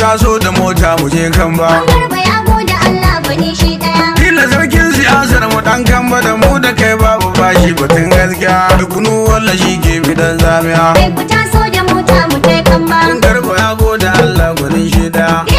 taso da mota mu je kan ba bai abu da Allah bane shi daya kila sarkin siyasar mu dan kan ba da mu da kai babu bashi batun gaskiya duk kunu shi ke bidan zamiya kai ku taso da mota mu je kan ba ya gode Allah gwanin shi daya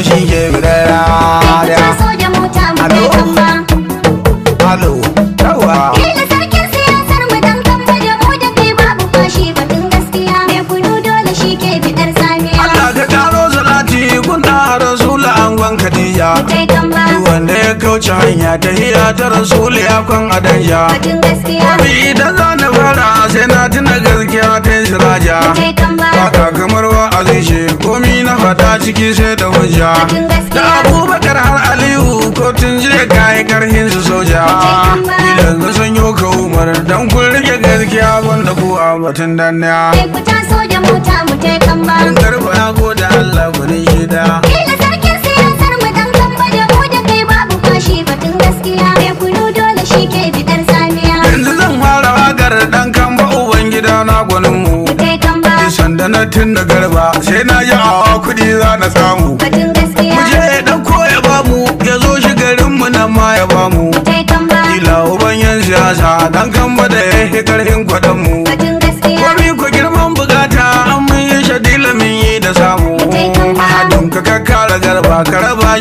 to shi ke gudana da soja mota mu kai kamba alo sarkin siyasar mu dan da babu gaskiya dole shi ke ka kamba wanda ya kauce hanya ta hiya ta rasuli akon adanja batun gaskiya bi idan ni fara sai na tuna gaskiya ta siraja kai kamba ba kamar wa azin komi na fada ciki sai da soja da abubakar har aliyu kotun jiya kayi karhin su soja yanzu sun yi ka umar don kun rike gaskiya wanda ku a batun danniya ku ta soja mota mu ta kan garba ya goda allah gudun shida siyasar mu mu da kai babu gaskiya mai kunu dole shi ke yanzu zan fara wakar dan kamba ubangida na gwanin mu sanda na tun da garba sai na yi awa kudi za na samu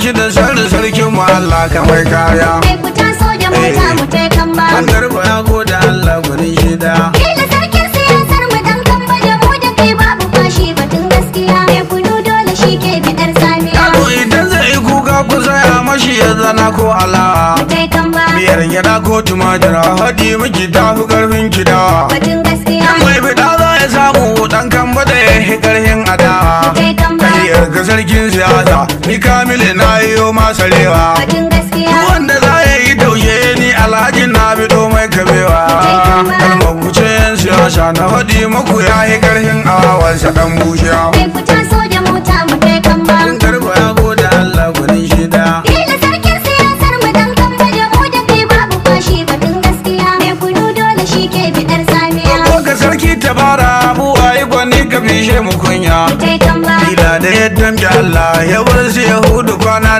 shi da sharri sarkin mu Allah kamar kaya kai mota eh, mu kan ba ya da babu fashi dole shi ke idan zai kuka mashi ko ala mu biyar gida ko tumajira hadi miki tafi karfin kida batun siyasa ni kamile na yi masarewa duk wanda za ya yi dauye ni alhaji na bido mai kabewa kalmar wuce yan siyasa na hadi muku ya yi ƙarfin awansa dan bushiya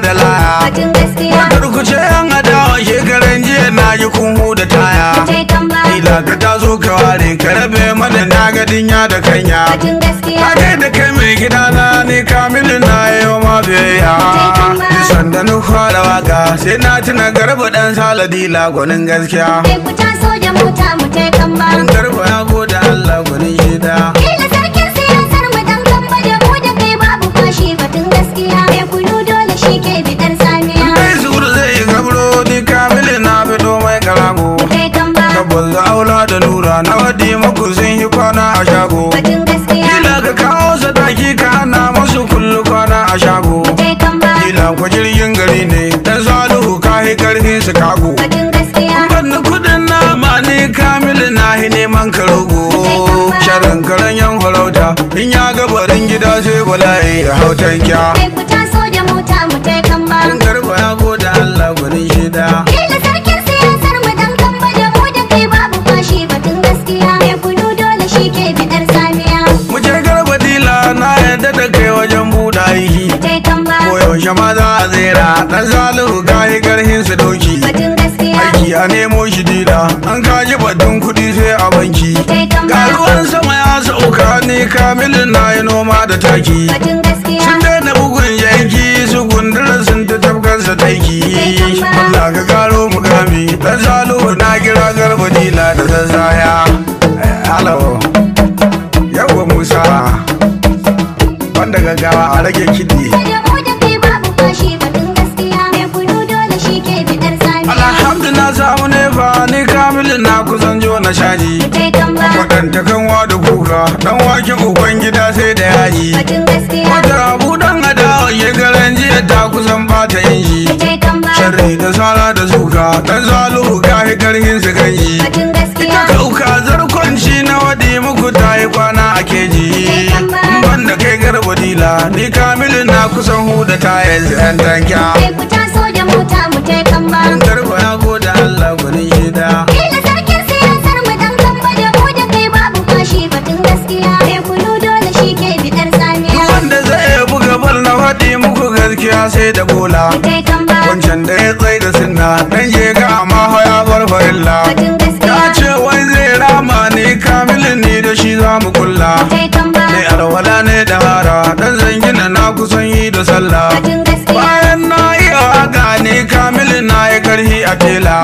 da laya Wadar ku ce adawa shekaran jiya na yi kunhu da taya Ila ka ta zo ka ware ka rabe mana na gadin ya da kanya Ka kai da kai mai gida na ne kamilu na yau ma biyayya Bisan da na fara waka sai na tuna garba dan saladila gwanin gaskiya Kai mu ta kamba Garba ya goda Allah gwanin shida gwanza aula da nura na wadi muku sun yi kwana a shago kila ka kawo sadaki ka na masu kullu kwana a shago kila ku jirgin gari ne ta salihu ka yi karfin su kago banni kudin na ma ni kamilu na yi neman karogo sharan karen yan farauta in ya ga barin gida sai bala'i ya hautan kya. Ku taso da mota mu ta kan ba. Kun garba goda Allah gurin shida. naira dan zalihu gahi garhin su doki aiki a nemo shi dila an kaji batun kudi sai a banki ga sama ya sauka ni kamilin na yi noma da taki sun daina bugun yanki su gundura sun ta sa taiki Allah ka karo mukami dan zalihu na kira garba dila da zazzaya halawo musa banda gaggawa a rage kiɗi ta kanwa da kuka. dan wake uban gida sai da yayi wata abu dan adawa ya garan jiya ta kusan bata inji sharri da sara da zuka dan zalu ga karhin su yi ita kauka zarkon shi na wadi muku ta yi kwana a keji ban da kai garba dila ni kamilu na kusan huda ta yanzu yan tanka Ku taso da mota mu ta kan ba. Garba na goda Allah gwanin da. muku gaskiya sai da bola wancan da ya tsai da sinna dan je ga amma haya farfarilla ya ce wai zai rama ne kamilin ne da shi za mu kulla mai alwala ne da hara dan zangina na kusan yi da sallah bayan na yi a gane kamilin na ya karhi a tela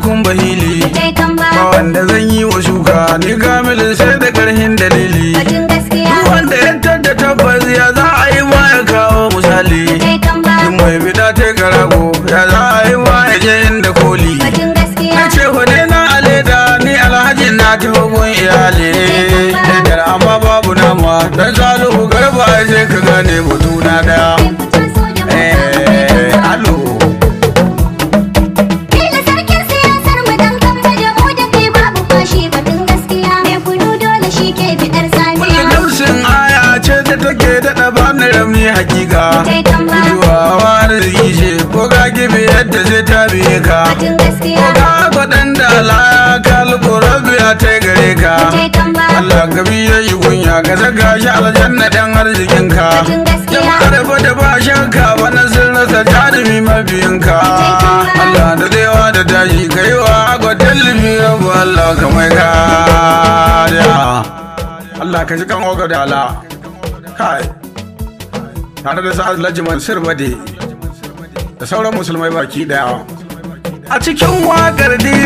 kun bahili wanda zan yi wa shuka ni kamilin ramni hakika Duwawa arziki ce ko ka gibi yadda zai tabi ka Ko ka faɗan da laya ka alƙurabi ya ta gare ka Allah gabi ya yi kunya ka zaga shi aljanna ɗan arzikinka Jama'ar ba da ba shakka ba na sun rasa jarumi ka Allah da tsewa da tashi ka yi wa agwadin limi rabu Allah mai ka Allah ka ji kan oga da Allah. Hi. tare da sa'ad Alhaji Mansur da sauran musulmai baki daya a cikin wakar dai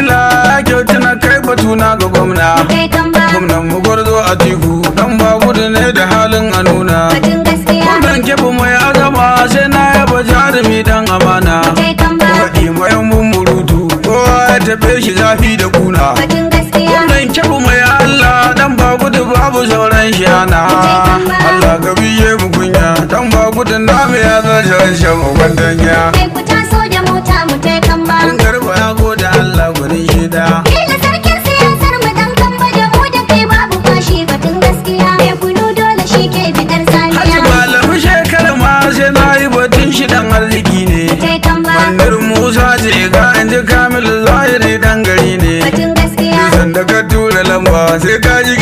shashen ubandan ya kai ku taso da mota mu ta kamba mun karba ya goda Allah gurin shida kila sarkin siyasar mu dan kamba da mu da kai babu kashi. batun gaskiya mai kunu dole shi ke fitar saniya hajji malamu shekarar ma sai na yi batun shi dan arziki ne ta kamba bandar musa ce ga an ji zahiri dan gari ne batun gaskiya sanda ka tura lamba sai ka ji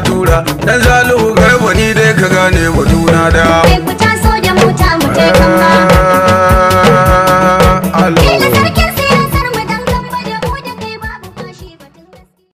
dura